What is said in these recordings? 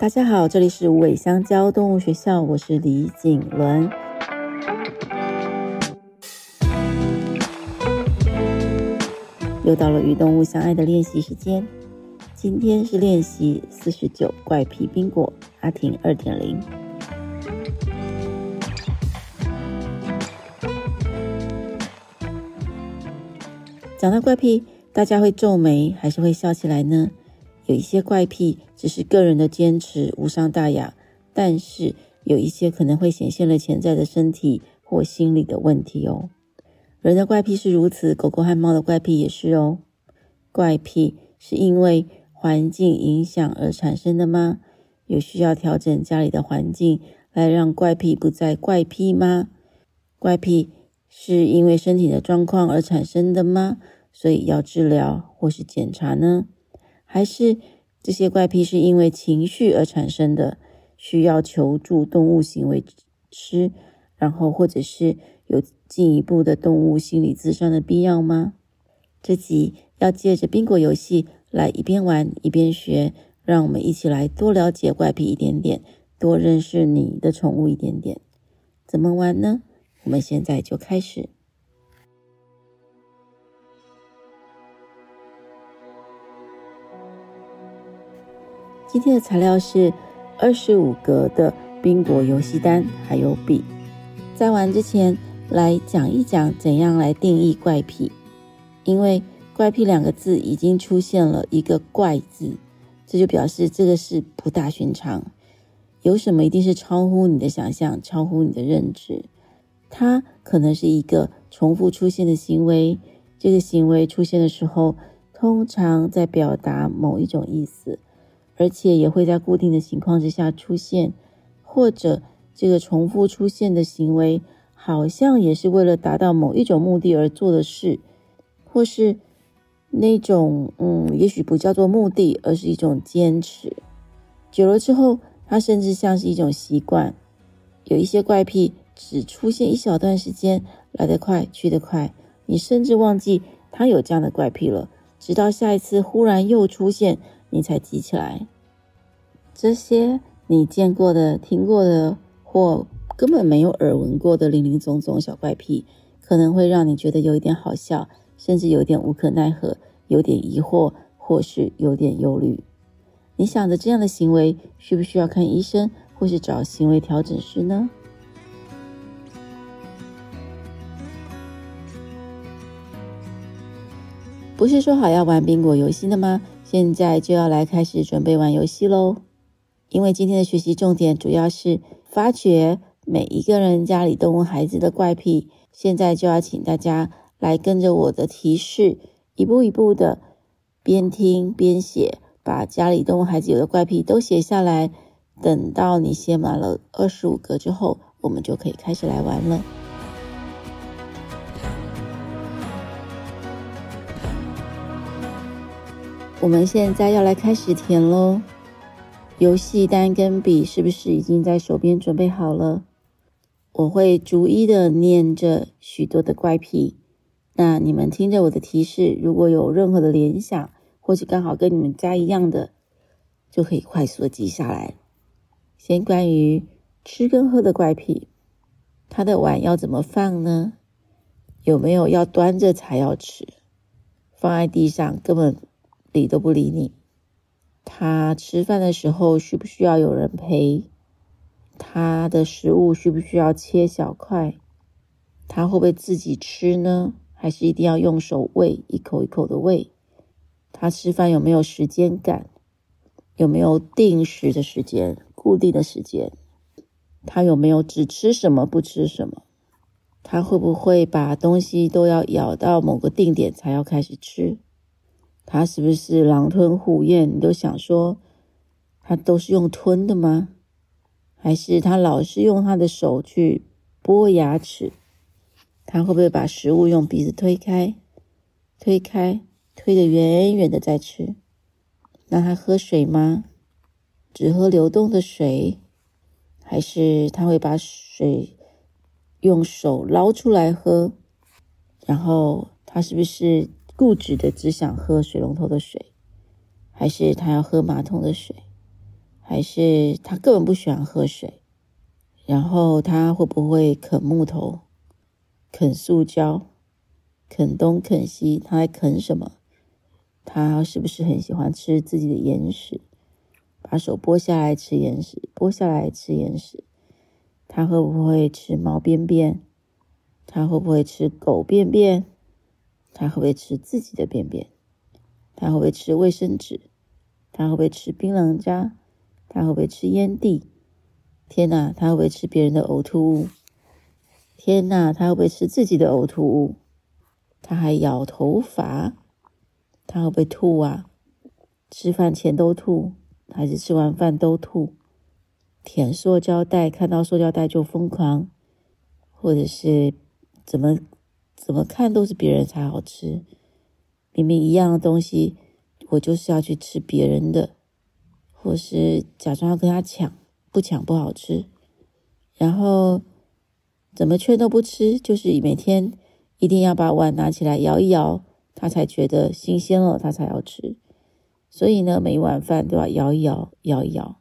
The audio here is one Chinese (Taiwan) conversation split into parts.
大家好，這裡是無尾香蕉動物學校，我是李景倫。又到了與動物相愛的練習時間，今天是練習四十九怪癖賓果，阿停二點零。講到怪癖，大家會皺眉還是會笑起來呢？有一些怪癖只是個人的堅持，無傷大雅，但是有一些可能會顯現了潛在的身體或心理的問題哦。人的怪癖是如此，狗狗和貓的怪癖也是哦。怪癖是因為環境影響而產生的嗎？有需要調整家裡的環境來讓怪癖不再怪癖嗎？怪癖是因為身體的狀況而產生的嗎？所以要治療或是檢查呢？還是？這些怪癖，是因為情緒而產生的，需要求助動物行為師，然後或者是有進一步的動物心理諮商的必要嗎？這集要借着賓果遊戲來一邊玩一邊學，讓我們一起來多了解怪癖一點點，多認識你的寵物一點點。怎麼玩呢？我們現在就開始。今天的材料是二十五格的賓果遊戲單，還有筆。在玩之前，來講一講怎樣來定義怪癖。因為“怪癖”兩個字已經出現了一個“怪”字，這就表示這個是不大尋常。有什麼一定是超乎你的想象，超乎你的認知？它可能是一個重複出現的行為，這個行為出現的時候，通常在表達某一種意思。而且也會在固定的情況之下出現，或者這個重複出現的行為，好像也是為了達到某一種目的而做的事，或是那種嗯，也許不叫做目的，而是一種堅持。久了之後，它甚至像是一種習慣。有一些怪癖只出現一小段時間，來得快，去得快，你甚至忘記它有這樣的怪癖了，直到下一次忽然又出現。你才急起來。這些你見過的、聽過的，或根本沒有耳聞過的林林總總小怪癖，可能會讓你覺得有一點好笑，甚至有點無可奈何，有點疑惑，或是有點憂慮。你想着這樣的行為需不需要看醫生，或是找行為調整師呢？不是說好要玩賓果遊戲的嗎？現在就要來開始準備玩遊戲嘍，因為今天的學習重點主要是發掘每一個人家裡動物孩子的怪癖。現在就要請大家來跟着我的提示，一步一步的邊聽邊寫，把家裡動物孩子有的怪癖都寫下來。等到你寫滿了二十五格之後，我們就可以開始來玩了。我們現在要來開始填嘍。遊戲單跟筆是不是已經在手邊準備好了？我會逐一的念着許多的怪癖。那你們聽着我的提示，如果有任何的聯想，或是剛好跟你們家一樣的，就可以快速的記下來。先關於吃跟喝的怪癖，他的碗要怎麼放呢？有沒有要端着才要吃？放在地上，根本。理都不理你。他吃飯的時候需不需要有人陪？他的食物需不需要切小塊？他會不會自己吃呢？還是一定要用手餵，一口一口的餵？他吃飯有沒有時間感？有沒有定時的時間、固定的時間？他有沒有只吃什麼不吃什麼？他會不會把東西都要咬到某個定點才要開始吃？他是不是狼吞虎咽？你都想說，他都是用吞的嗎？還是他老是用他的手去撥牙齒？他會不會把食物用鼻子推開、推開、推得遠遠的再吃？那他喝水嗎？只喝流動的水，還是他會把水用手撈出來喝？然後他是不是？固執的只想喝水龍頭的水，還是他要喝馬桶的水，還是他根本不喜歡喝水？然後他會不會啃木頭、啃塑膠、啃東啃西？他還啃什麼？他是不是很喜歡吃自己的眼屎？把手剝下來吃眼屎，剝下來吃眼屎。他會不會吃貓便便？他會不會吃狗便便？他會不會吃自己的便便？他會不會吃衛生紙？他會不會吃檳榔渣？他會不會吃菸蒂？天吶，他會不會吃別人的嘔吐物？天吶，他會不會吃自己的嘔吐物？他還咬頭髮，他會不會吐啊？吃飯前都吐，還是吃完飯都吐？舔塑膠袋，看到塑膠袋就瘋狂，或者是怎麼？怎麼看都是別人才好吃，明明一樣的東西，我就是要去吃別人的，或是假裝要跟他搶，不搶不好吃。然後怎麼勸都不吃，就是每天一定要把碗拿起來搖一搖，他才覺得新鮮了，他才要吃。所以呢，每一碗飯都要搖一搖，搖一搖，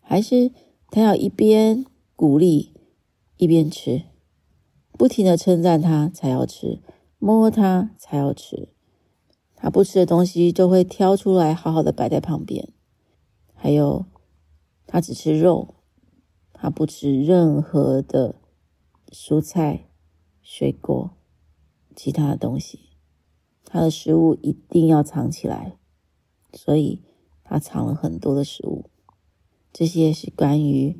還是他要一邊鼓勵一邊吃。不停的稱讚他才要吃，摸他才要吃。他不吃的東西就會挑出來，好好的擺在旁邊。還有，他只吃肉，他不吃任何的蔬菜、水果、其他的東西。他的食物一定要藏起來，所以他藏了很多的食物。這些是關於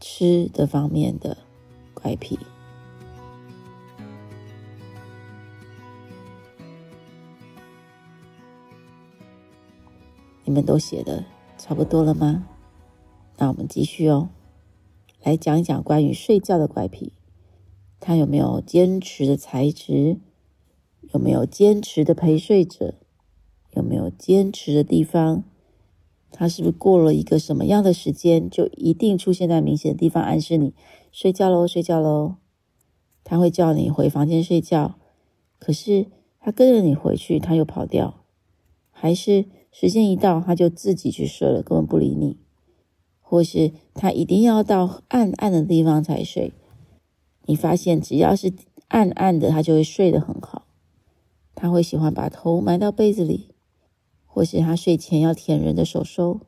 吃的方面的怪癖。你們都寫的差不多了嗎？那我們繼續哦，來講一講關於睡覺的怪癖。他有沒有堅持的材質？有沒有堅持的陪睡者？有沒有堅持的地方？他是不是過了一個什麼樣的時間，就一定出現在明顯的地方，暗示你睡覺嘍，睡覺嘍？他會叫你回房間睡覺，可是他跟着你回去，他又跑掉，還是？時間一到，他就自己去睡了，根本不理你。或是他一定要到暗暗的地方才睡。你發現只要是暗暗的，他就會睡得很好。他會喜歡把頭埋到被子裡，或是他睡前要舔人的手手。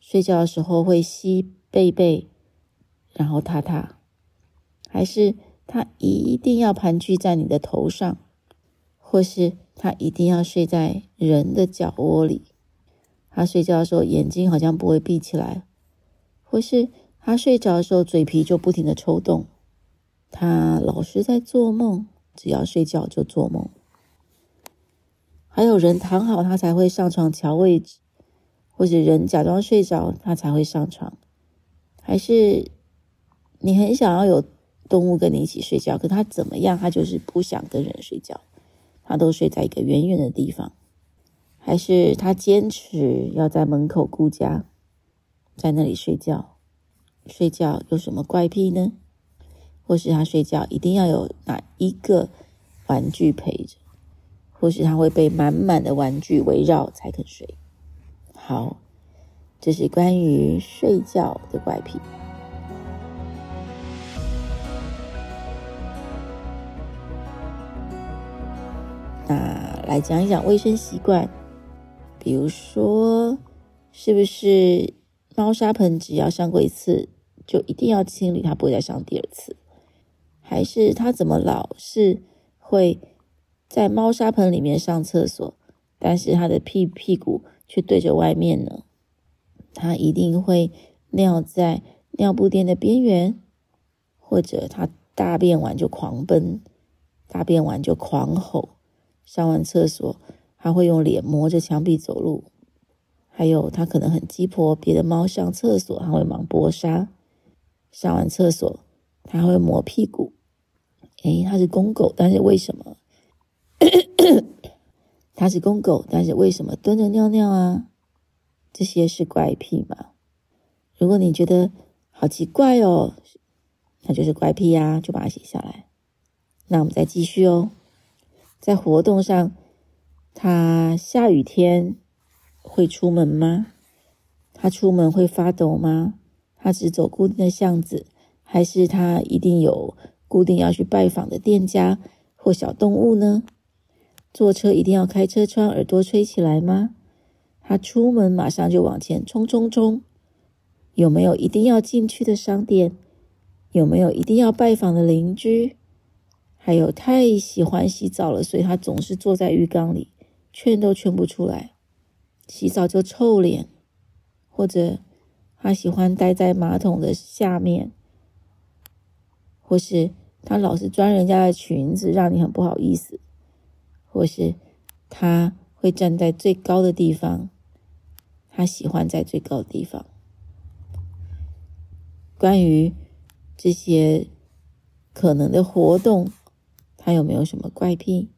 睡覺的時候會吸被被，然後踏踏。還是他一定要盤踞在你的頭上，或是？他一定要睡在人的腳窩裡。他睡覺的時候眼睛好像不會閉起來，或是他睡着的時候嘴皮就不停的抽動。他老是在做夢，只要睡覺就做夢。還有人躺好他才會上床喬位置，或者人假裝睡着他才會上床。還是你很想要有動物跟你一起睡覺，可他怎麼樣，他就是不想跟人睡覺。他都睡在一個遠遠的地方，還是他堅持要在門口顧家，在那裡睡覺？睡覺有什麼怪癖呢？或是他睡覺一定要有哪一個玩具陪着？或是他會被滿滿的玩具圍繞才肯睡？好，這是關於睡覺的怪癖。那來講一講衛生習慣，比如說，是不是貓砂盆只要上過一次，就一定要清理，它不會再上第二次？還是它怎麼老是會，在貓砂盆裡面上廁所，但是它的屁屁股卻對着外面呢？它一定會尿在尿布墊的邊緣，或者它大便完就狂奔，大便完就狂吼。上完廁所它會用臉磨着牆壁走路，還有它可能很雞婆，別的貓上廁所它會忙撥沙。上完廁所它會磨屁股，誒，它是公狗，但是為什麼它 是公狗，但是為什麼蹲着尿尿啊？這些是怪癖嗎？如果你覺得好奇怪哦，那就是怪癖呀、啊，就把它寫下來。那我們再繼續哦。在活動上，他下雨天會出門嗎？他出門會發抖嗎？他只走固定的巷子，還是他一定有固定要去拜訪的店家或小動物呢？坐車一定要開車窗，耳朵吹起來嗎？他出門馬上就往前衝冲冲，有沒有一定要進去的商店？有沒有一定要拜訪的鄰居？還有太喜歡洗澡了，所以他總是坐在浴缸裡，勸都勸不出來。洗澡就臭臉，或者他喜歡待在馬桶的下面，或是他老是鑽人家的裙子，讓你很不好意思。或是他會站在最高的地方，他喜歡在最高的地方。關於這些可能的活動。他有沒有什麼怪癖？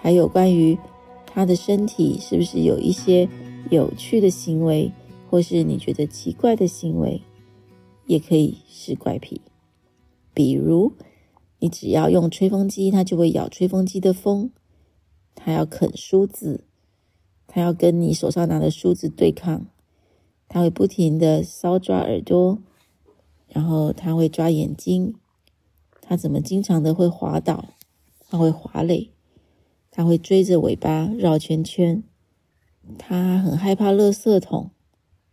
還有關於他的身體，是不是有一些有趣的行為，或是你覺得奇怪的行為，也可以是怪癖。比如，你只要用吹風機，它就會咬吹風機的風，它要啃梳子，它要跟你手上拿的梳子對抗。他會不停的搔抓耳朵，然後他會抓眼睛，他怎麼經常的會滑倒？他會滑壘，他會追着尾巴繞圈圈，他很害怕垃圾桶，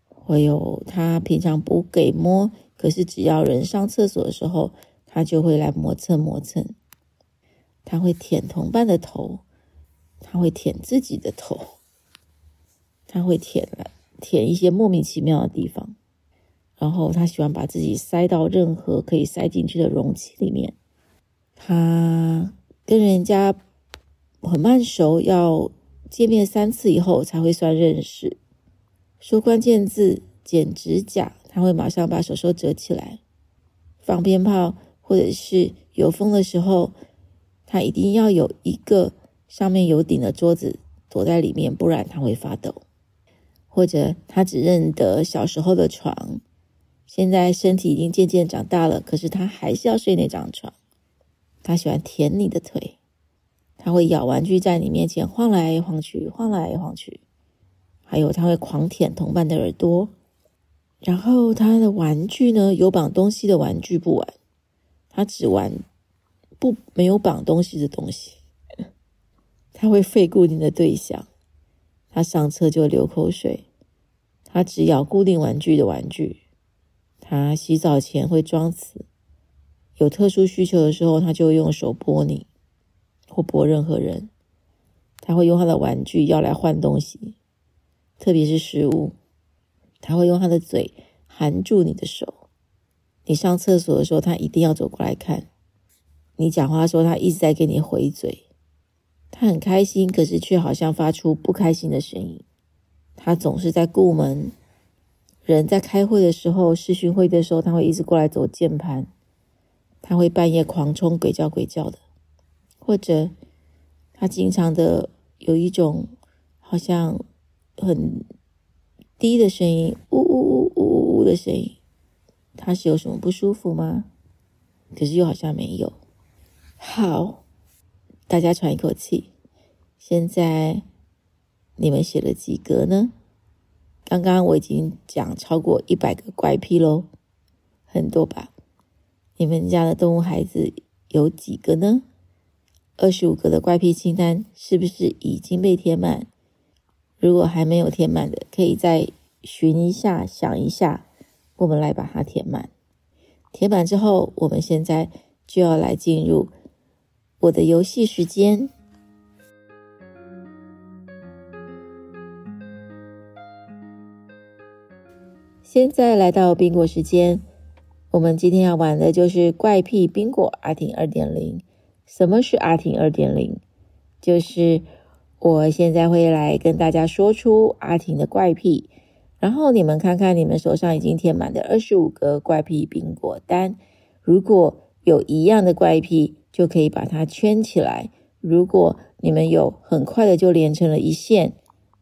還有他平常不給摸，可是只要人上廁所的時候，他就會來磨蹭磨蹭，他會舔同伴的頭，他會舔自己的頭，他會舔了。舔一些莫名其妙的地方，然後他喜歡把自己塞到任何可以塞進去的容器裡面。他跟人家很慢熟，要見面三次以後才會算認識。說關鍵字，剪指甲，他會馬上把手手折起來。放鞭炮或者是有風的時候，他一定要有一個上面有頂的桌子躲在裡面，不然他會發抖。或者他只認得小時候的床，現在身體已經漸漸長大了，可是他還是要睡那張床。他喜歡舔你的腿，他會咬玩具，在你面前晃來晃去，晃來晃去。還有他會狂舔同伴的耳朵。然後他的玩具呢？有綁東西的玩具不玩，他只玩不沒有綁東西的東西。他會吠固定的對象。他上車就流口水，他只咬固定玩具的玩具，他洗澡前會裝死，有特殊需求的時候，他就會用手撥你，或撥任何人，他會用他的玩具要來換東西，特別是食物，他會用他的嘴含住你的手，你上廁所的時候，他一定要走過來看，你講話的時候，他一直在給你回嘴。他很開心，可是卻好像發出不開心的聲音。他總是在顧門，人在開會的時候、視訊會的時候，他會一直過來走鍵盤。他會半夜狂衝，鬼叫鬼叫的，或者他經常的有一種好像很低的聲音，嗚嗚嗚嗚嗚嗚的聲音。他是有什麼不舒服嗎？可是又好像沒有。好。大家喘一口氣。現在你們寫了幾格呢？剛剛我已經講超過一百個怪癖咯，很多吧？你們家的動物孩子有幾個呢？二十五格的怪癖清單是不是已經被填滿？如果還沒有填滿的，可以再尋一下、想一下，我們來把它填滿。填滿之後，我們現在就要來進入。我的遊戲時間，現在來到賓果時間。我們今天要玩的就是怪癖賓果阿停二點零。什麼是阿停二點零？就是我現在會來跟大家說出阿停的怪癖，然後你們看看你們手上已經填滿的二十五個怪癖賓果單，如果有一樣的怪癖，就可以把它圈起來。如果你們有很快的就連成了一線，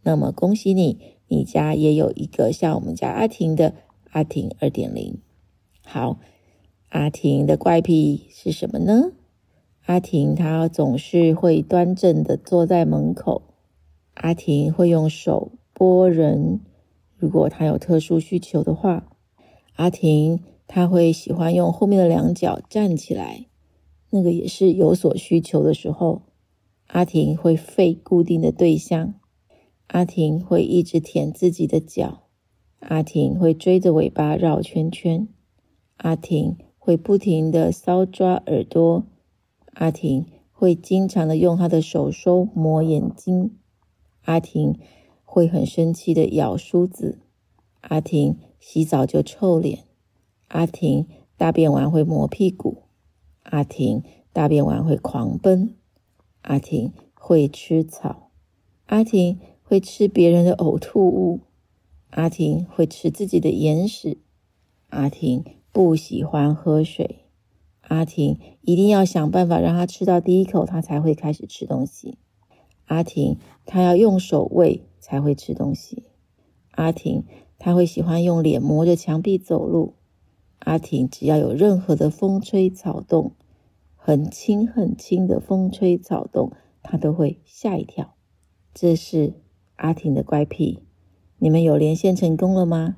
那麼恭喜你，你家也有一個像我們家阿停的阿停二點零。好，阿停的怪癖是什麼呢？阿停她總是會端正的坐在門口。阿停會用手撥人。如果她有特殊需求的話，阿停她會喜歡用後面的兩腳站起來。那個也是有所需求的時候，阿停會吠固定的對象，阿停會一直舔自己的腳，阿停會追着尾巴繞圈圈，阿停會不停的搔抓耳朵，阿停會經常的用他的手手抹眼睛，阿停會很生氣的咬梳子，阿停洗澡就臭臉，阿停大便完會磨屁股。阿停大便完會狂奔，阿停會吃草，阿停會吃別人的嘔吐物，阿停會吃自己的眼屎，阿停不喜歡喝水，阿停一定要想辦法讓他吃到第一口，他才會開始吃東西。阿停他要用手餵才會吃東西，阿停他會喜歡用臉磨着牆壁走路。阿停只要有任何的風吹草動，很輕很輕的風吹草動，她都會嚇一跳。這是阿停的怪癖。你們有連線成功了嗎？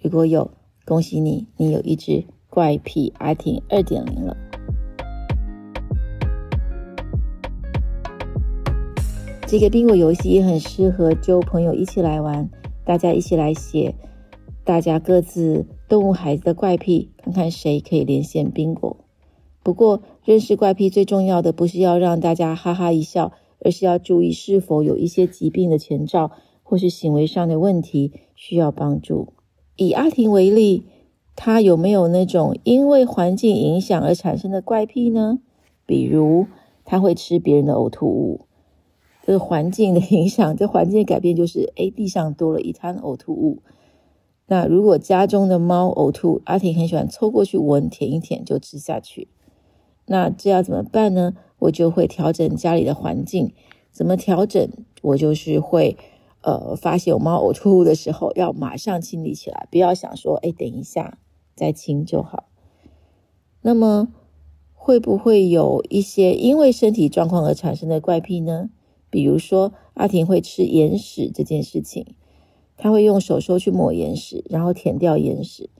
如果有，恭喜你，你有一隻怪癖阿停二點零了。這個賓果遊戲也很適合揪朋友一起來玩，大家一起來寫，大家各自。動物孩子的怪癖，看看誰可以連線賓果。不過，認識怪癖最重要的不是要讓大家哈哈一笑，而是要注意是否有一些疾病的前兆或是行為上的問題需要幫助。以阿停為例，她有沒有那種因為環境影響而產生的怪癖呢？比如，她會吃別人的嘔吐物。這環境的影響，這環境的改變，就是誒地上多了一灘嘔吐物。那如果家中的貓嘔吐，阿停很喜歡湊過去聞、舔一舔就吃下去，那這樣怎麼辦呢？我就會調整家裡的環境。怎麼調整？我就是會，呃，發現我貓嘔吐的時候，要馬上清理起來，不要想說，哎，等一下再清就好。那麼會不會有一些因為身體狀況而產生的怪癖呢？比如說阿停會吃眼屎這件事情。他會用手手去抹眼屎，然後舔掉眼屎。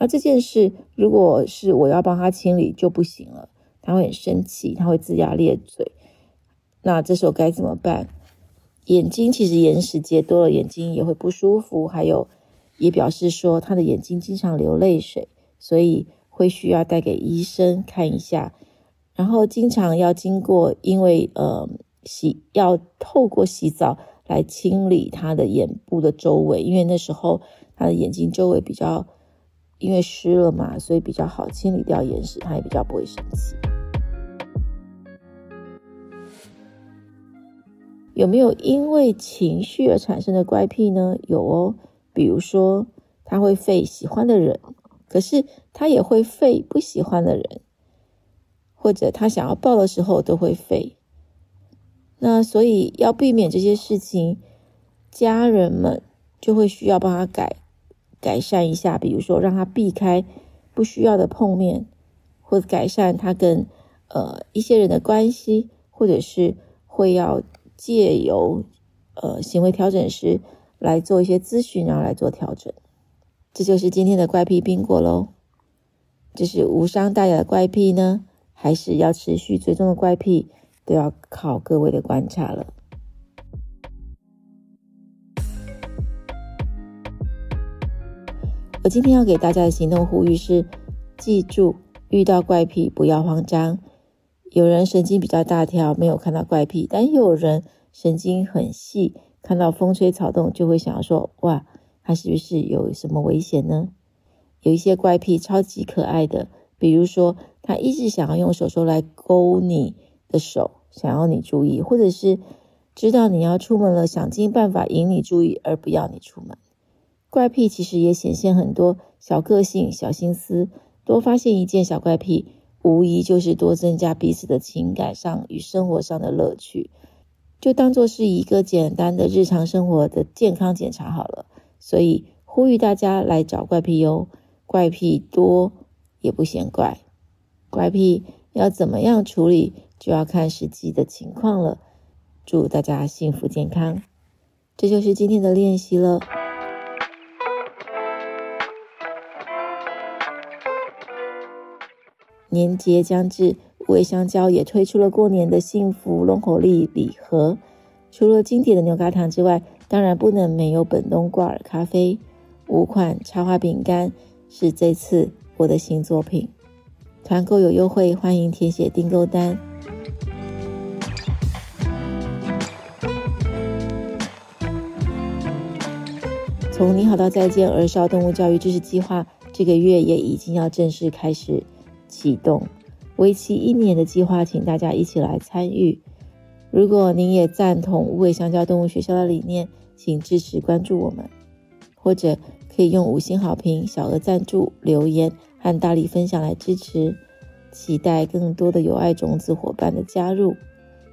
那這件事，如果是我要幫他清理就不行了，他會很生氣，他會齜牙咧嘴。那這時候該怎麼辦？眼睛其實眼屎結多了，眼睛也會不舒服，還有也表示說他的眼睛經常流淚水，所以會需要帶給醫生看一下。然後經常要經過，因為呃洗要透過洗澡，來清理他的眼部的周圍，因為那時候他的眼睛周圍比較因為濕了嘛，所以比較好清理掉眼屎，他也比較不會生氣。有沒有因為情緒而產生的怪癖呢？有哦，比如說他會吠喜歡的人，可是他也會吠不喜歡的人，或者他想要抱的時候都會吠。那所以要避免這些事情，家人們就會需要幫他改改善一下，比如說讓他避開不需要的碰面，或者改善他跟呃一些人的關係，或者是會要借由呃行為調整師來做一些諮詢，然後來做調整。這就是今天的怪癖賓果咯。這是無傷大雅的怪癖呢，還是要持續追蹤的怪癖？都要靠各位的觀察了。我今天要給大家的行動呼籲是：記住，遇到怪癖不要慌張。有人神經比較大條，沒有看到怪癖；但有人神經很細，看到風吹草動就會想要說：“哇，他是不是有什麼危險呢？”有一些怪癖超級可愛的，比如說他一直想要用手手來勾你的手。想要你注意，或者是知道你要出門了，想盡辦法引你注意而不要你出門。怪癖其實也顯現很多小個性、小心思。多發現一件小怪癖，無疑就是多增加彼此的情感上與生活上的樂趣。就當做是一個簡單的日常生活的健康檢查好了。所以呼籲大家來找怪癖喲，怪癖多也不嫌怪。怪癖要怎麼樣處理？就要看實際的情況了。祝大家幸福健康，這就是今天的練習了。年節將至，無尾香蕉也推出了過年的幸福濃巧克力禮盒。除了經典的牛軋糖之外，當然不能沒有本東掛耳咖啡。五款插畫餅乾是這次我的新作品，團購有優惠，歡迎填寫訂購單。從你好到再見，兒少動物教育支持計劃這個月也已經要正式開始啟動，為期一年的計劃，請大家一起來參與。如果您也贊同無尾香蕉動物學校的理念，請支持關注我們，或者可以用五星好評、小額贊助、留言和大力分享來支持。期待更多的有愛種子夥伴的加入。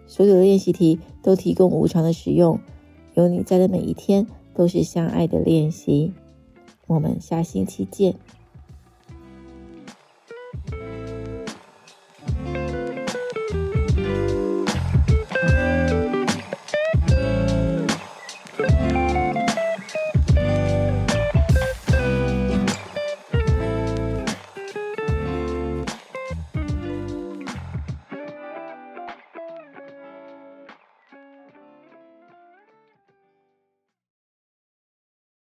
所有的練習題都提供無償的使用。有你在的每一天，都是相愛的練習，我們下星期見。